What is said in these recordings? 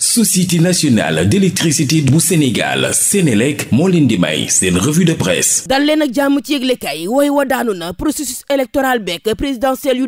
société nationale d'électricité bu Sénégal Sénélec moo leen di may seen revue de presse dal leen ak jàmm ci yëglekaay wooy wa daanu na processus électoral beek présidentiel yu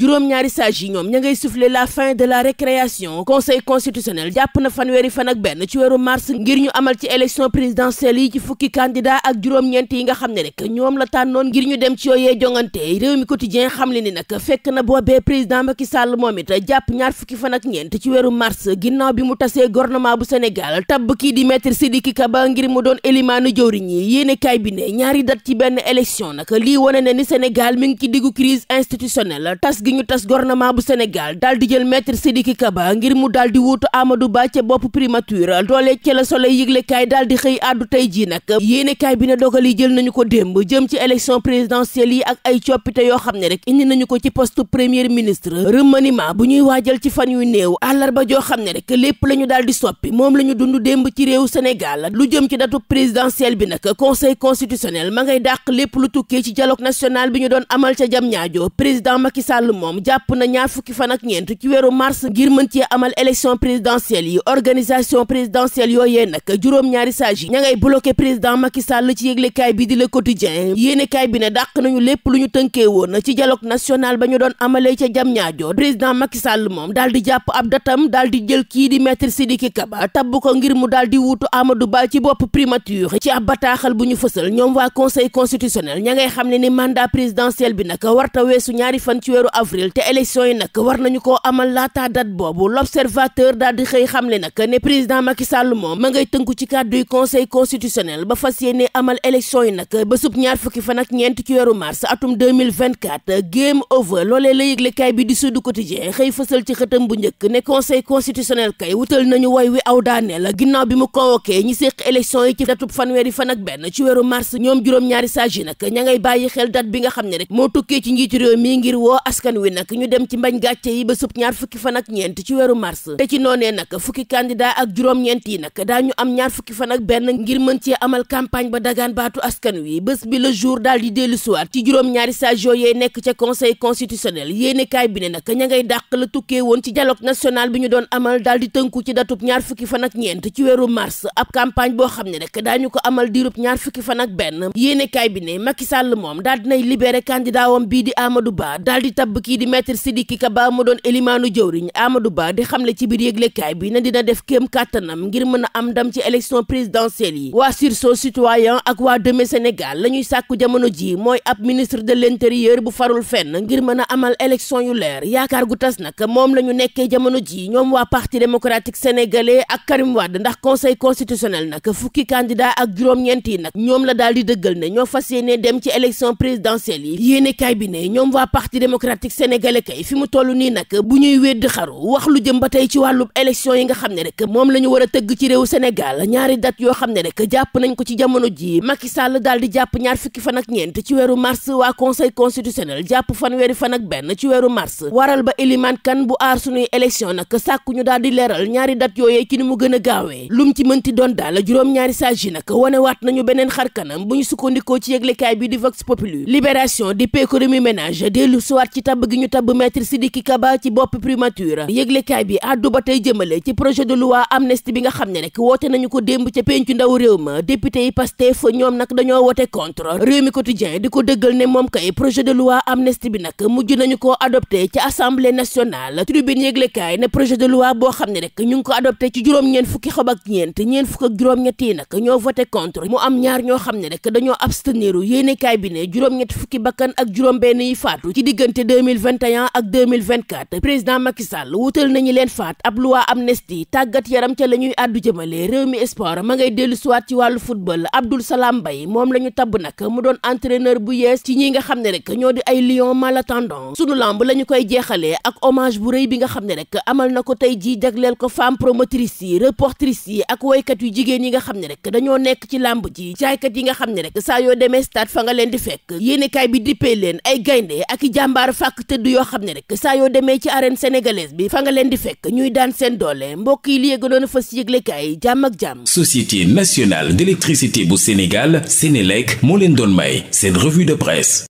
juróom-ñaari sages yi ñoom ña ngay souffler la fin de la récréation conseil constitutionnel jàpp na fanweeri fan ak benn ci weeru mars ngir ñu amal ci élection présidentielle yi ci fukki candidat ak juróom-ñeent yi nga xam ne rek ñoom la tànnoon ngir ñu dem ci yooyee jongante réew mi quotidien xam le ni nag fekk na boobee président Macky Sall moom it jàpp ñaar fukki fan ak ñeent ci weeru mars ginnaaw bi mu tasee gouvernement bu Sénégal tabb kii di maître Sidiki Kaba ngir mu doon élimaanu jëwriñ yi yéenekaay bi ñaari dat ci benn élection nag lii wane na ni senegal mi ngi ci diggu crise institutionnelle tas gi ñu tas gouvernement bu Sénégal daal di jël maître Sidiki ba ngir mu daal di wuutu Amadou Ba ca bopp primature doole ca la Soleil yëglekaay daal di xëy àddu tey jii nag yéenekaay bi ne dogal yi jël nañu ko démb jëm ci élection présidentielle yi ak ay coppite yoo xam ne rek indi nañu ko ci poste premier ministre remaniement bu ñuy waajal ci fan yu néew àllarba joo xam ne rek lépp la daal di soppi moom la ñu dund démb ci réew Sénégal lu jëm ci datu présidentielle bi nag conseil constitutionnel ma ngay dàq lépp lu tukkee ci dialogue national bi ñu doon amal ca jam ñaajo président Macky Sall moom jàpp na ñaar fukki fan ak ñeent ci weeru mars ngir mën cee amal élection présidentielle yi organisation présidentielle yooyee nag juróom-ñaari sages yi ña ngay bloqué président Macky Sall ci yëglekaay bi di le quotidien yéenekaay bi ne dàq nañu lépp lu ñu tënkee woon ci dialogue national ba ñu doon amalee ca jam ñaajo président Macky Sall moom da di jàpp jël kii di maître Sidiki Kaba tabb ko ngir mu daal di wuutu Amadou Ba ci bopp primature ci ab bataaxal bu ñu fësal ñoom waa conseil constitutionnel ña xam ne ni mandat présidentiel bi nag warta weesu ñaari fan ci weeru avril te élection yi nag war nañu koo amal laata date boobu l'observateur daal di xëy xam ne nag ne président Macky moom ma ngay tënku ci kàdduy conseil constitutionnel ba fas yéene amal élection yi nag ba sub ñaar fukki fan ak ñeent ci weeru mars atum 2024 game over loolee la yëgle kaay bi constitutionnel kay wutal nañu woy wi aw daanee la ginnaaw bi mu convoqué ñi séq élection yi ci datub fanweeri fan ak benn ci weeru mars ñoom juróom-ñaari sages yi nag ña ngay bàyyi xel date bi nga xam ne rek moo tukkee ci njiitu réew mi ngir woo askan wi nag ñu dem ci mbañ gàcce yi ba sub ñaar fukki fan ak ñeent ci weeru mars ci noonee nag fukki candidat ak juróom-ñeent yi nag daañu am ñaar fukki fan ak benn ngir mën cee amal campagne ba dagaan baatu askan wi bés bi la jour daal di dellu siwaat ci juróom-ñaari sages yooyee nekk ca conseil constitutionnel yéene kaay bi ne nag ña ngay dàq la tukkee woon ci dialogue national bi ñu doon amal amal daal di tënku ci datub ñaar fukki fan ak ñeent ci weeru mars ab campagne boo xam ne rek daañu ko amal diirub ñaar fukki fan ak benn yéenekaay bi ne Macky Sall moom daal dinay libéré candidat wam bii di Amadou Ba daal di tabb kii di maître Sidiki Kaba mu doon élimaanu jëwriñ Amadou Ba di xamle ci biir yëglekaay bi ne dina def kéem kàttanam ngir mën a am ndam ci élection présidentielle yi waa sursaut citoyen ak waa Deme Sénégal la ñuy sàkku jamono jii mooy ab ministre de l'intérieur bu farul fenn ngir mën a amal élection yu leer yaakaar gu tas nag moom parti démocratique sénégalais ak Karim Wade ndax conseil constitutionnel nag fukki candidat ak juróom-ñeent yi nag ñoom la daal di dëggal ne ñoo fas yéene dem ci élection présidentielle yi yéene kay bi ne ñoom waa parti démocratique sénégalais kay fi mu toll nii nag bu ñuy wedd xaru wax lu jëm ba tey ci wàllub élection yi nga xam ne rek moom la ñu war a tëgg ci réew Sénégal ñaari dat yoo xam ne rek jàpp nañ ko ci jamono jii Macky Sall daal di jàpp ñaar fukki fan ak ñeent ci weeru mars waa conseil jàpp fanweeri fan ak benn ci weeru mars waral ba Eliman Kan bu aar sunuy élection nag daal di leeral ñaari dat yooyee ci ni mu gën a gaawee lum ci mënti doon daal juróom-ñaari saag yi nag wanewaat nañu beneen xar bu ñu sukkandikoo ci yëglekaay bi di Vox Populi libération di péconomie ménage dellu suwaat ci tabb gi ñu tabb maître Sidiki Kaba ci bopp primature yëglekaay bi àddu ba tey jëmale ci projet de loi amnistie bi nga xam ne rek woote nañu ko démb ca pencu ndaw réew ma député yi Pastef ñoom nag dañoo wote contre réew mi quotidien boo xam ne rek ñu ngi ko adopté ci juróom-ñeent fukki xob ak ñeent ñeent fukk ak juróom-ñett yi nag ñoo voté contre mu am ñaar ñoo ak juróom-benn yi faatu ci diggante 2021 ak 2024 président Macky Sall wutal nañu leen faat ab loi amnistie tàggat yaram ca la ñuy àddu jëmale réew mi sport ma ngay dellu siwaat ci wàllu football Abdoul Salam Mbaye moom la ñu tabb nag mu doon entraîneur bu yees ci ñi nga xam ne rek ñoo di ay lion malentendant sunu lamb la ñu koy jeexalee ak hommage bu rëy bi nga xam ne rek amal na ko tey ji yi jagleel ko femme promotrice yi reportrice yi ak woykat yu jigéen yi nga xam ne rek dañoo nekk ci làmb ji jaaykat yi nga xam ne rek saa yoo demee stade fa nga leen di fekk yéenekaay bi dippee leen ay gaynde ak i jàmbaar fàkk tëdd yoo xam ne rek saa yoo demee ci arène sénégalaise bi fa nga leen di fekk ñuy daan seen doole mbokk yi li yëgaloon a fas yëglekaay jàmm ak jàmm société nationale d'électricité bu Sénégal Sénélec moo leen doon may seen revue de presse